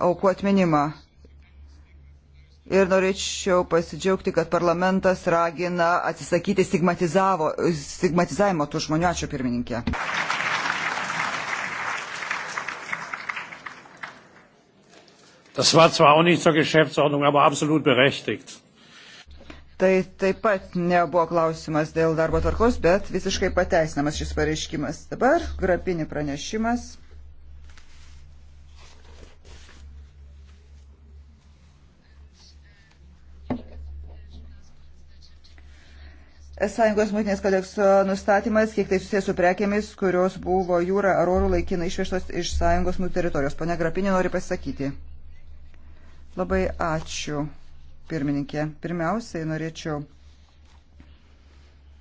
aukų atminimą. Ir norėčiau pasidžiaugti, kad parlamentas ragina atsisakyti stigmatizavimo tų žmonių. Ačiū pirmininkė. Das war zwar auch nicht zur Geschäftsordnung, aber absolut berechtigt. Tai taip pat nebuvo klausimas dėl darbo tvarkos, bet visiškai pateisinamas šis pareiškimas. Dabar grapinį pranešimas. Sąjungos muitinės kodekso nustatymas, kiek tai susijęs su prekėmis, kurios buvo jūra ar orų laikinai išvežtos iš Sąjungos muitų teritorijos. Pone Grapinė nori pasakyti. Labai ačiū, pirmininkė. Pirmiausiai norėčiau